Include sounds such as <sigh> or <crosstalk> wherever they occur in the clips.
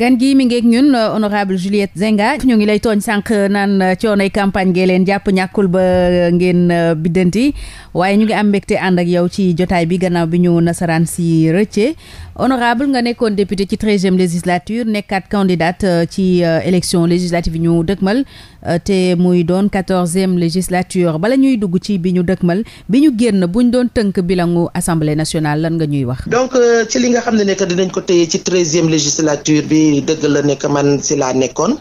gan gi mi ngeeg ñun euh, honorable Juliette Zenga ñu ngi lay tooñ sànq naan euh, coonoy campagne gee leen jàpp ñàkkul ba euh, ngeen biddanti waaye ñu ngi am mbégte ànd ak yow ci jotaay bi gannaaw bi ñu nasaraan si rëcce honorable nga nekkoon député ci treizième législature nekkaat candidate ci élection législative yi ñu dëkmal te muy doon quatorzième législature bala ñuy dugg ci bi ñu dëkmal bi ñu génn bu ñu doon tënk bilangu assemblée nationale lan nga ñuy wax donc li nga xam ne nekk dinañ ko téye ci treizième législature bi dëgg la ne que man si laa nekkoon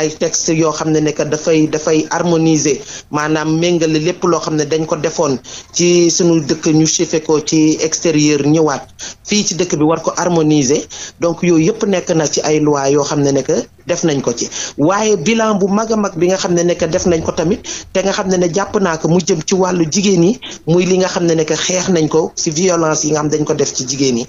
ay texte yoo xam ne ne que dafay dafay harmoniser maanaam méngale lépp loo xam ne dañ ko defoon ci suñu dëkk ñu chiffé ko ci extérieur ñëwaat fii ci dëkk bi war ko harmoniser donc yooyu yëpp nekk na ci ay loi yoo xam ne ne que def nañ ko ci waaye bilan bu mag a mag bi nga xam ne ne def nañ ko tamit te nga xam ne ne jàpp naa ko mu jëm ci wàllu jigéen yi muy li nga xam ne ne xeex nañ ko si violence yi nga xam dañ ko def ci jigéen yi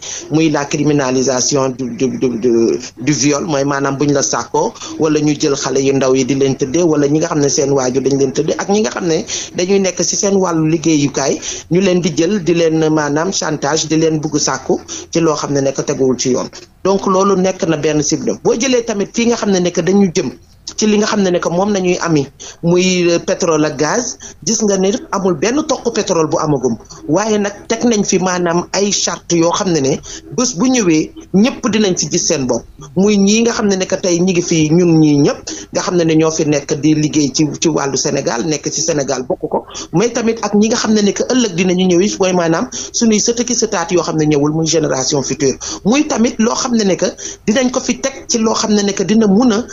viol mooy maanaam buñ la sàkkoo wala ñu jël xale yu ndaw yi di leen tëddee wala ñi nga xam ne seen waajur dañ leen tëddee ak ñi nga xam ne dañuy nekk ci seen wàllu liggéeyukaay ñu leen di jël di leen maanaam chantage di leen bugg sàkku ci loo xam ne nekk teguwul ci yoon donc loolu nekk na benn cible boo jëlee tamit fii nga xam ne nekk dañu jëm ci li nga xam ne ne que moom nañuy ami muy euh, pétrole a gaz gis nga ne amul benn toq pétrole bu amagum waaye nag teg nañ fi maanaam ay charte yoo xam ne ne bés bu ñëwee ñëpp dinañ ci gis seen bopp muy ñii nga xam ne ne tey ñi ngi fi ñun ñii ñëpp nga xam ne ne ñoo fi nekk di liggéey ci ci wàllu Sénégal nekk ci Sénégal bokk ko mais tamit ak ñi nga xam ne ne que ëllëg dinañu ñëw it mooy maanaam suñuy sëtëki sëtaat yoo xam ne ñëwul muy génération future muy tamit loo xam ne ne que dinañ ko fi teg ci loo xam ne ne que dina mun a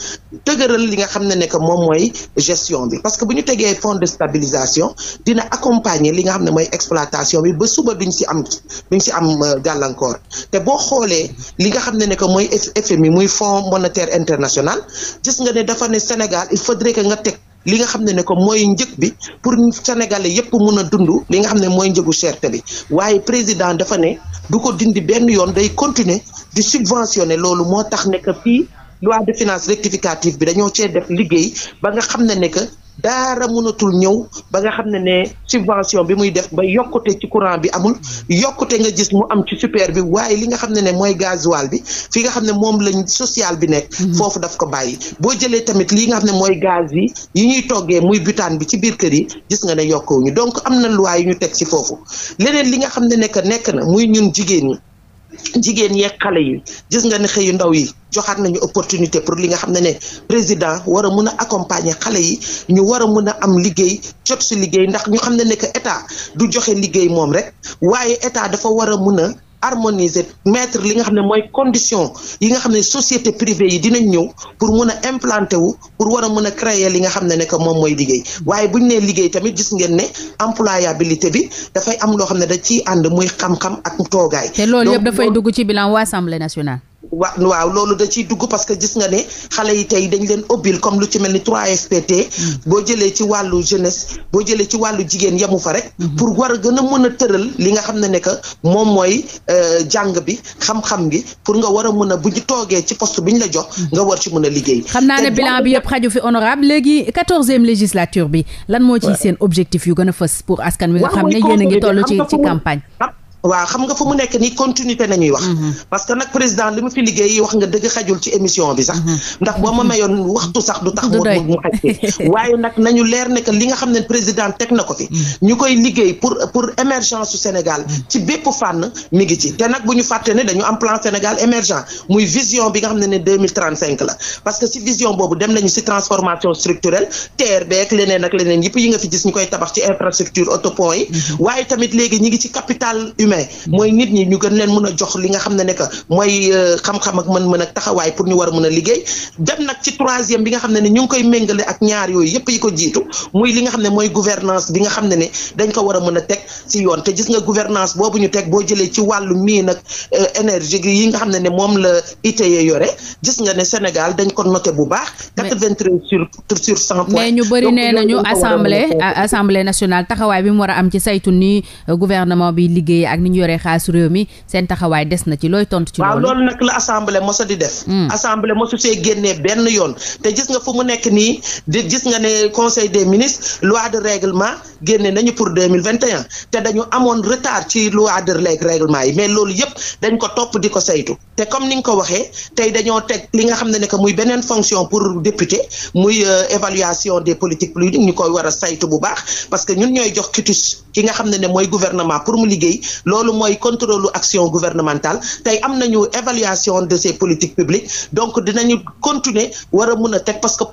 li nga xam ne ne que moom mooy gestion bi parce que bu ñu tegee fonds de stabilisation dina accompagner li nga xam ne mooy exploitation bi ba suba duñ si am duñ si am euh, gàllankoor te boo xoolee li nga xam ne ne que mooy FMI muy fonds monétaire international gis nga ne dafa ne Sénégal il faudrait que nga teg li nga xam ne ne ko mooy njëg bi pour sénégalais yépp mun a dund li nga xam ne mooy njëgu cherté bi waaye président dafa ne du ko dindi benn yoon day continuer di subventionner loolu moo tax ne fii loi de finance rectificative bi dañoo cee def liggéey ba nga xam ne ne que daara mënatul ñëw ba nga xam ne ne subvention bi muy def ba yokkute ci courant bi amul yokkute nga gis mu am ci super bi waaye li nga xam ne ne mooy gasoil bi fi nga xam ne moom lañ social bi nekk mm-hmm. foofu daf ko bàyyi boo jëlee tamit li nga xam ne mooy gaz yi yi ñuy toggee muy butaan bi ci biir kër yi gis nga ne yokkuwuñu donc am na loi yu ñu teg ci foofu leneen li nga xam ne nekk nekk na muy ñun jigéen ñi jigéen yeeg xale yi gis nga ne xëyu ndaw yi joxaat nañu opportunité pour li nga xam ne ne président war a mun a accompagner xale yi ñu war a mun a am liggéey jot si liggéey ndax ñu xam ne ne que état du joxe liggéey moom rek waaye état dafa war a mun a harmoniser mettre li nga xam ne mooy condition yi nga xam ne société privée yi dinañ ñëw pour mun a implanter wu pour war a mun a créer li nga xam ne ne que moom mooy liggéey waaye bu ñu nee liggéey tamit gis ngeen ne employabilité bi dafay am loo xam ne dañ ciy ànd muy xam-xam ak toogaay. te loolu yëpp dafay dugg ci bilan waa assemblée nationale. wa waaw loolu da ciy dugg parce que gis nga ne xale yi tey dañ leen obbil comme lu ci mel ni 3FPT. Mm. boo jëlee ci wàllu jeunesse boo jëlee ci wàllu jigéen yemu fa rek. Mm-hmm. pour war a gën a mën a tëral li nga xam ne ne que moom mooy euh, jàng bi xam-xam ngi pour nga war a mën a bu ñu toogee ci post bi ñu la jox. Mm-hmm. nga war ci mën a liggéey. xam naa ne bilan bi yëpp xaju fi honorable léegi quatorzième législature bi lan moo ci seen objectif yu gën a fës pour askan wi nga xam ne yéen a ngi toll ci ci campagne. waaw xam nga fu mu nekk nii continuité nañuy wax. Mm-hmm. parce que nag président li mu fi liggéey wax nga dëgg xajul ci émission bi sax. Mm-hmm. ndax boo ma mayoon waxtu sax du tax. du mu xaj <laughs> waaye nag nañu leer ne li nga xam ne président teg na ko fi. Mm-hmm. ñu koy liggéey pour pour émergence su Sénégal. ci bépp fànn mi ngi ci te nag bu ñu fàtte ne dañu am plan Sénégal émergent muy vision bi nga xam ne ne deux mille trente cinq la. parce que si vision boobu dem nañu si transformation structurelle TRB ak leneen ak yi nga fi gis ñu koy tabax ci infrastructure autopont yi. waaye humain mooy nit ñi ñu gën leen mën a jox li nga xam ne ne que mooy euh, xam-xam ak mën-mën ak taxawaay a mën a bi xam ne ne ko jiitu muy li nga xam ne mooy bi nga xam ne ne dañ ko a a teg ci yoon te gis nga gouvernance boobu ñu teg boo jëlee euh, yi nga xam ne ne moom la ITIE yore nga ne Sénégal dañ ko noté bu baax quatre-vingt-treize sur sur cent points mais ñu bëri nee nañu assemblée assemblée nationale taxawaay bi mu war a am ci saytu ni gouvernement bi liggéey ak ni ñu yoree xaalisu réew mi seen taxawaay des na ci looy tontu ci loolu nag la assemblée mosa di def hmm. assemblée mosu see génnee benn yoon te gis nga fu mu nekk nii di gis nga ne conseil des ministres loi de règlement génne nañu pour deux mille vingt et te dañu amoon retard ci loi de règlement yi mais loolu yëpp dañ ko topp di ko saytu te comme ni nga ko waxee tey dañoo teg li nga xam ne ne que muy beneen fonction pour député muy euh, évaluation des politiques publiques ñu koy war a saytu bu baax parce que ñun ñooy jox kitus ki nga xam ne ne mooy gouvernement pour mu liggéey loolu mooy contrôle action gouvernementale tey am na ñu évaluation de ces politiques publiques donc dinañu continuer war a mun a teg parce que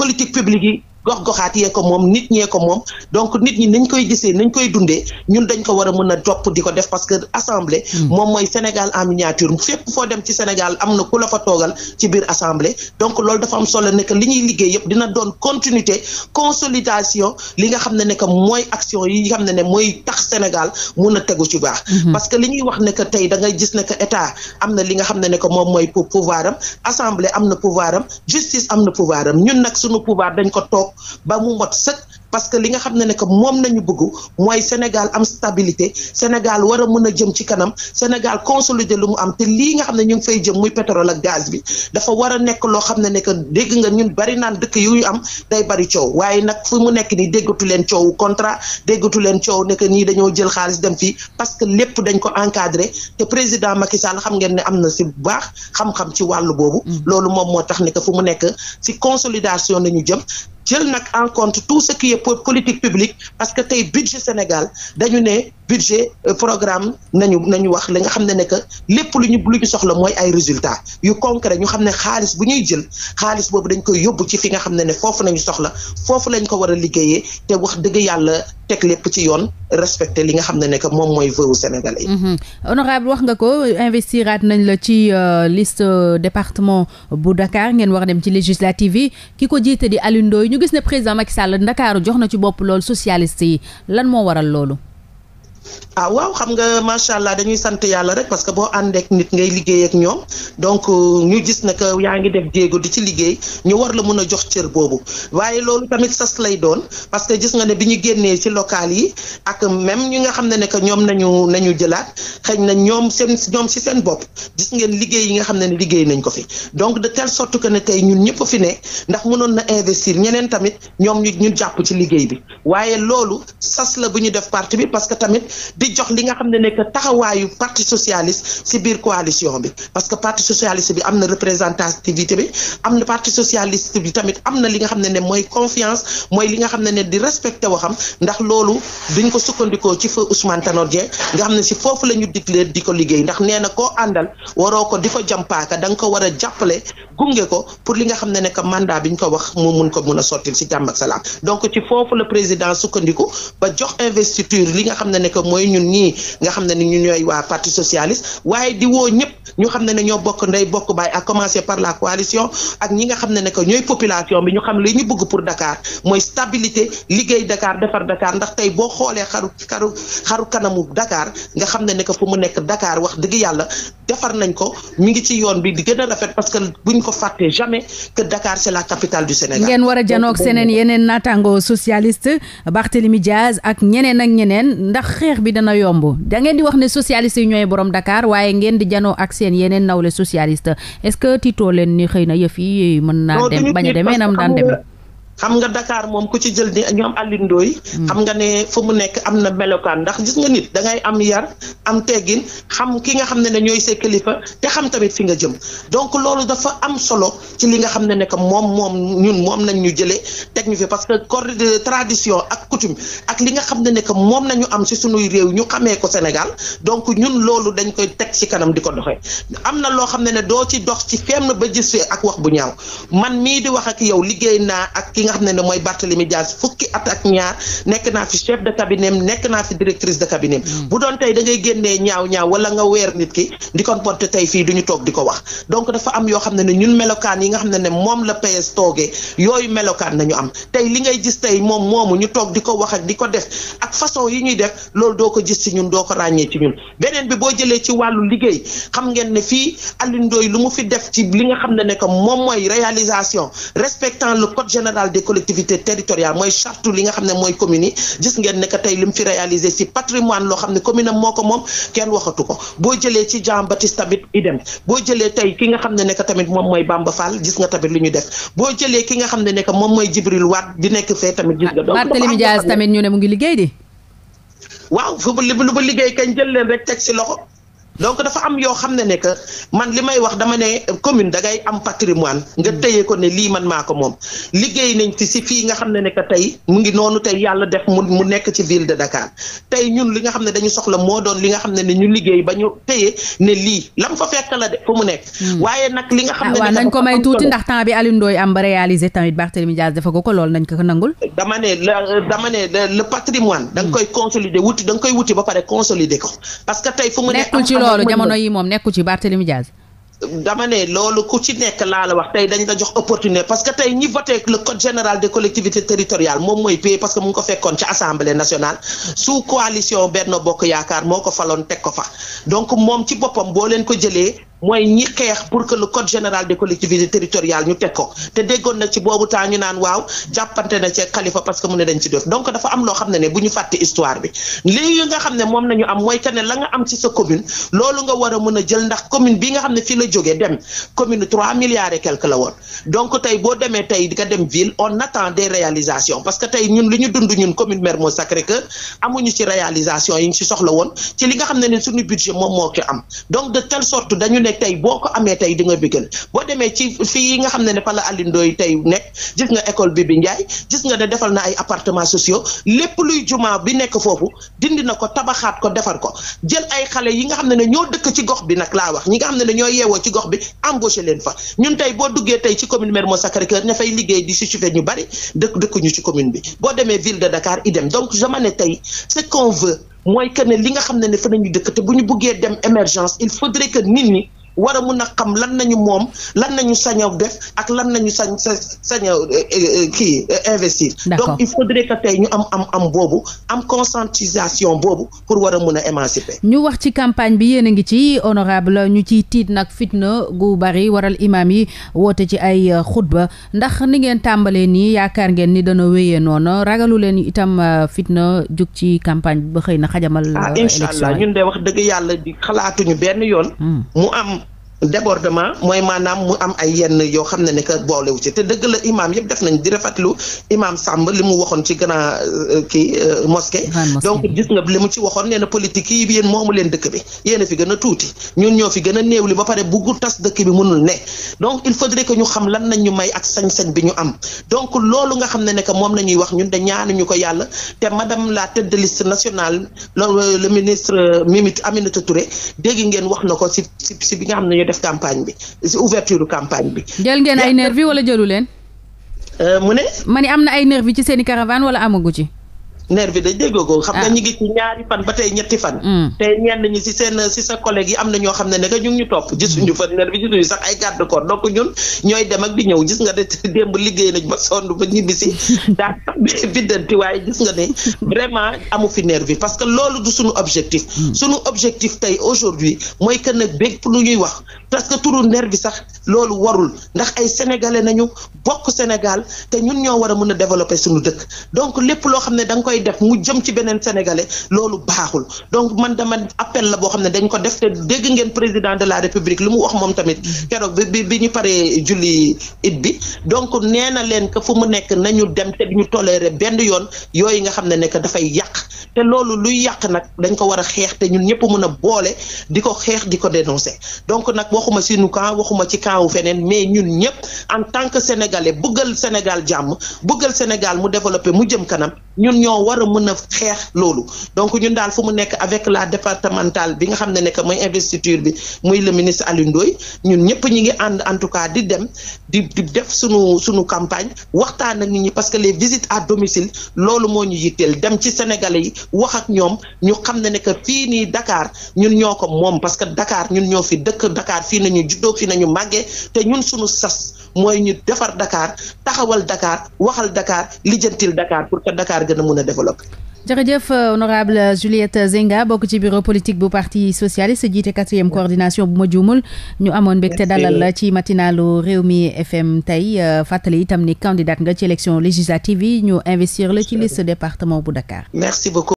politique publique yi gox goxaat yee ko moom nit ñee ko moom donc nit ñi nañ koy gisee nañ koy dundee ñun dañ ko war a mën a topp di ko def parce que assemblée. Hmm. moom mooy Sénégal en miniature fépp foo dem ci Sénégal am na ku la fa toogal ci biir assemblée donc loolu dafa am solo ne li ñuy liggéey yëpp dina doon continuité consolidation li nga xam ne ne que mooy action yi nga xam ne mooy tax Sénégal mun a tegu ci baax. Hmm. parce que li ñuy wax ne que tey da ngay gis ne que état am na li nga xam ne ne que moom mooy pouvoir am assemblée am na pouvoir am justice am na pouvoir ñun nag suñu pouvoir dañ ko toog. ba mu mot sëkk parce que li nga xam ne ne que moom nañu bëgg mooy Sénégal am stabilité Sénégal war a mën a jëm ci kanam Sénégal consolider lu mu am te lii nga xam ne ñu ngi fay jëm muy pétrole ak gaz bi dafa war a nekk loo xam ne ne que dégg nga ñun bari naan dëkk yu ñu am day bari coow waaye nag fu mu nekk nii déggatu leen coow contrat déggatu leen coow ne que nii dañoo jël xaalis dem fii parce que lépp dañ ko encadré te président Macky Sall xam ngeen ne am na si bu baax xam ci wàllu boobu. Mm. loolu moom moo tax ne que fu mu nekk si consolidation nañu jëm. jël nag en compte tout ce qui est politique publique parce que tey budget Sénégal dañu ne budget euh, programme nañu nañu wax li nga xam ne ne que lépp lu ñu lu ñu soxla mooy ay résultat yu concret ñu xam ne xaalis bu ñuy jël xaalis boobu dañ koy yóbbu ci fi nga xam ne ne foofu nañu soxla foofu lañ ko war a liggéeyee te wax dëgg yàlla teg lépp ci yoon respecté li nga xam ne ne que moom mooy vœu sénégalais yi. Mhm. honorable wax nga ko investiraat nañ la ci euh, liste euh, département bu Dakar ngeen wax dem ci législative yi ki ko jiite di Alioune Ndoye ñu gis ne président Macky Sall Ndakaaru jox na ci bopp loolu socialiste yi lan moo waral loolu. ah waaw xam nga macha allah dañuy sant yàlla rek parce que boo àndeek nit ngay liggéey ak ñoom donc euh, ñu gis ne que yaa ngi def jéego di ci liggéey ñu war la mën a jox cër boobu waaye loolu tamit sas lay doon parce que gis nga ne bi ñu génnee ci local yi ak même ñi nga xam ne ne que ñoom nañu nañu jëlaat xëy na ñoom seen ñoom si seen bopp gis ngeen liggéey yi nga xam ne ne liggéey nañ ko fi donc de telle sorte que ne ñun ñëpp fi ne ndax mënoon na investir ñeneen tamit ñoom ñu ñu jàpp ci liggéey bi la bu ñu def parti bi parce tamit di jox li nga xam ne nekk taxawaayu parti socialiste si biir coalition bi parce que parti socialiste bi am na représentativité bi am na parti socialiste bi tamit am na li nga xam ne ne mooy confiance mooy li nga xam ne ne di respecté waxam ndax loolu duñ ko sukkandikoo ci fa Ousmane Tanor nga xam ne si foofu la ñu diglee di ko liggéey ndax nee na koo àndal waroo ko di ko jàmpaaka da nga ko war a jàppale gunge ko pour li nga xam ne ne que mandat bi ko wax mu mun ko mun a sottil si jàmm ak ci foofu la président sukkandiku ba jox investiture li nga xam ne ne mooy ñun ñii nga xam ne ni ñu ñooy waa parti socialiste waaye di woo ñëpp ñu xam ne ne ñoo bokk ndey bokk baay par la coalition ak ñi xam ne ne que ñooy population bi ñu xam li ñu bëgg pour Dakar mooy stabilité liggéey Dakar defar Dakar ndax tey boo xoolee xaru xaru xaru kanamu Dakar nga xam ne ne que fu mu nekk Dakar wax dëgg yàlla defar nañ ko mi ngi ci yoon bi di gën a rafet parce que buñ ko fàttee jamais que la capitale du a janoog seneen yeneen naataango socialiste Barthélémy Diaz ak ñeneen ak ñeneen ndax xeex xeex bi dana yomb da ngeen di wax ne socialiste yi ñooy borom Dakar waaye ngeen di janoo ak seen yeneen nawle socialiste est-ce que tiitoo leen ni xëy na yëf yi mën naa dem bañ a demee nam daan demee xam nga Dakar moom ku ci jël ni ñoom Alioune Ndoye hmm. xam nga ne fu mu nekk am na melokaan ndax gis nga nit da ngay am yar am teggin xam ki nga xam ne ne ñooy kilifa te xam tamit fi nga jëm donc loolu dafa am solo ci li nga xam ne ne que moom moom ñun moom nañ ñu jëlee teg ñu fi parce que cor euh, tradition ak coutume ak li nga xam ne ne que moom nañu am si suñuy réew ñu xamee ko Sénégal donc ñun loolu dañ koy teg ci kanam di ko doxee am na loo xam ne ne doo ci dox ci fenn ba gis ak wax bu ñaaw man mii di wax ak yow liggéey naa ak nga xam ne ne mooy Barthélemy Dias fukki at ak ñaar nekk naa fi chef de cabinet nekk naa fi directrice de cabinet hmm. bu doon tey da ngay génnee ñaaw ñaaw wala nga weer nit ki di kon porte tey fii du ñu toog di ko wax donc dafa am yoo xam ne ne ñun melokaan yi nga xam ne ne moom la PS toogee yooyu melokaan nañu am tey li ngay gis tey moom moomu ñu toog di ko wax ak di ko def ak façon yi ñuy def loolu doo ko gis ci ñun doo ko ràññee ci ñun beneen bi boo jëlee ci wàllu liggéey xam ngeen ne fii Alioune Ndoye lu mu fi def ci li nga xam ne ne que moom mooy réalisation des collectivités territoriales mooy charte li nga xam ne mooy commune yi gis ngeen ne que tey lim fi réalisé si patrimoine loo xam ne commune moo ko moom kenn waxatu ko boo jëlee ci Jean Baptiste tamit idem boo jëlee tey ki nga xam ne ne que tamit moom mooy Bamba Fall gis nga tamit li ñu def boo jëlee ki nga xam ne ne moom mooy Jibril Waat di nekk fee tamit gis nga donc Barthélémy Diaz tamit ñu ne mu ngi liggéey di waaw fu lu ba liggéey kañ jël leen rek teg si loxo donc dafa am yoo xam ne ne man li may wax dama ne commune dangay am patrimoine nga mm. téye ko ne lii man maa ko moom liggéey nañ ci si fii nga xam ne ne que tey mu ngi noonu tey yàlla def mu mu nekk ci ville de Dakar tey ñun li nga xam ne dañu soxla moo doon li nga xam ne ne ñu liggéey ba ñu téye ne lii lam fa fekk la de fu mu nekk. Mm. waaye nag li nga xam ne. Ah, waaw nañ ko may tuuti ndax temps bi Aliou am ba réalisé tamit Barthélémy Dias dafa ko ko lool nañ ko ko nangul. dama ne la dama ne le patrimoine. da nga mm. koy consolider wuti da koy wuti ba pare consolider ko loolu jamono yi moom nekku ci Barthélemy Diaz dama ne loolu ku ci nekk laa la wax tey dañ la jox opportunité parce que tey ñi voté le code général des collectivités territoriales moom mooy pay parce que mu ko fekkoon ci assemblée nationale sous coalition Benno Bokk Yaakaar moo ko faloon teg ko fa donc moom ci boppam boo leen ko jëlee mooy ñi xeex pour que le code général des collectivités territoriales ñu teg ko te déggoon na ci boobu temps ñu naan waaw jàppante na ci xalifa parce que mu ne dañ ci def donc dafa am loo xam ne ne bu ñu fàtte histoire bi léegi nga xam ne moom nañu am mooy que la nga am ci sa commune loolu nga war a mën a jël ndax commune bi nga xam ne fii la jógee dem commune trois milliards et quelque la woon donc tey boo demee tey nga dem ville on attend des réalisations parce que tey ñun li ñu dund ñun commune Mermoz Sacré-Cœur amuñu ci réalisation yi ñu ci soxla woon ci li nga xam ne ne suñu budget moom moo ko am de telle ne tey boo ko amee tey di nga bëggal boo demee ci fii nga xam ne ne pala la alindooy tey nekk gis nga école bi bi Ndiaye gis nga ne defal na ay appartement sociaux lépp luy juma bi nekk foofu dindi na ko tabaxaat ko defar ko jël ay xale yi nga xam ne ne ñoo dëkk ci gox bi nag laa wax ñi nga xam ne ne ñoo yeewoo ci gox bi embauché leen fa ñun tey boo duggee tey ci commune Mermoz Sacré-Cœur ña fay liggéey di si ñu bari dëkk dëkkuñu ci commune bi boo demee ville de Dakar idem jamono tey ce qu'on mooy que ne li nga xam ne ne fa nañu dëkk te bu buggee dem émergence il faudrait que nit war a mun a xam lan nañu moom lan nañu sañ a def ak lan nañu sañ sañ a euh, euh, euh, kii investir donc il faudrait que tey ñu am am am boobu am conscientisation boobu pour war a mun a émanciper ñu wax ci campagne bi yéen a ngi ci honorable ñu ci tiit nag fitna gu bari waral imaam yi woote ci ay xutba ndax ni ngeen tàmbalee nii yaakaar ngeen ni dana wéyee noonu ragalu leen itam fitna jóg ci campagne bi ba xëy na xajamal ah incha allah ñun de wax dëgg yàlla xalaatuñu benn yoon hmm. débordement mooy maanaam mu am ay yenn yoo xam ne ne que boolewu ci te dëgg la imaam yëpp def nañ di rafetlu imaam Samb li mu waxoon ci grand euh, kii euh, mosquée donc gis nga li mu ci waxoon nee na politique yi yéen moomu leen dëkk bi yéen a fi gën a tuuti ñun ñoo fi gën a néew li ba pare bugg tas dëkk bi mënul ne donc il faudrait que ñu xam lan nañ ñu may ak sañ-sañ bi ñu am donc loolu nga xam ne ne que moom la ñuy wax ñun da ñu ko yàlla te madame la tête de liste nationale le euh, ministre Mimi Aminata wax na ko si si si def campagne bi si ouverture campagne bi. jël ngeen ay nervi wala jëlu leen. Euh, mu ne. ma ni am na ay nervi ci seen i caravane wala amagu ci. nervi dañ dégg ko xam nga ah. ñu ngi ci ñaari fan ba tey ñetti fan. Mm. te ñenn ñi si seen si sa collègue yi am na ñoo xam ne nag ñu ngi ñu topp gisuñu fa nervi gisuñu sax ay garde corps donc ñun ñooy dem ak di ñëw gis nga de <laughs> démb liggéey nañ ba sonn ba ñibbisi <laughs> daa biddanti waaye gis nga ne vraiment amu fi nervi parce que loolu du suñu objectif. Mm. suñu objectif tey aujourd'hui mooy que nag bépp lu ñuy wax parce que turu nervi sax loolu warul ndax ay sénégalais nañu bokk Sénégal ñun ñoo war a mën a développer suñu dëkk donc lépp loo xam ne da koy koy def mu jëm ci beneen sénégalais loolu baaxul donc man dama appel la boo xam ne dañ ko def te dégg ngeen président de la république lu mu wax moom tamit keroog bi bi ñu paree julli it bi donc nee na leen que fu mu nekk nañu dem te duñu toléré benn yoon yooyu nga xam ne nekk dafay yàq te loolu luy yàq nag dañ ko war a xeex te ñun ñëpp mën a boole di ko xeex di ko dénoncer donc nag waxuma sunu camp waxuma ci camp wu feneen mais ñun ñëpp en tant que sénégalais bëggal Sénégal jàmm bëggal Sénégal mu développé mu jëm kanam war a mën a xeex loolu donc ñun daal fu mu nekk avec la départementale bi nga xam ne nekk mooy investiture bi muy le ministre Alioune ñun ñëpp ñi ngi ànd en tout cas di dem di def suñu sunu campagne waxtaan ak nit ñi parce que les visites à domicile loolu moo ñu yitteel dem ci Sénégalais yi wax ak ñoom ñu xam ne ne que fii nii dakaar ñun ñoo ko moom parce que Dakar ñun ñoo fi dëkk Dakar fii nañu juddoo fii nañu màggee te ñun suñu sas mooy ñu defar dakaar taxawal Dakar waxal Dakar lijjantil Dakar pour que Dakar gën a mun a développer. jërëjëf euh, honorable Juliette Zenga bokk ci bureau politique bu parti socialiste jiite quatrième coordination bu ma juumul ñu amoon mbégte dalal la ci matinalu mi FM tey euh, fàttali itam ni candidat nga ci élection législative yi ñu investir la ci liste département bu Dakar.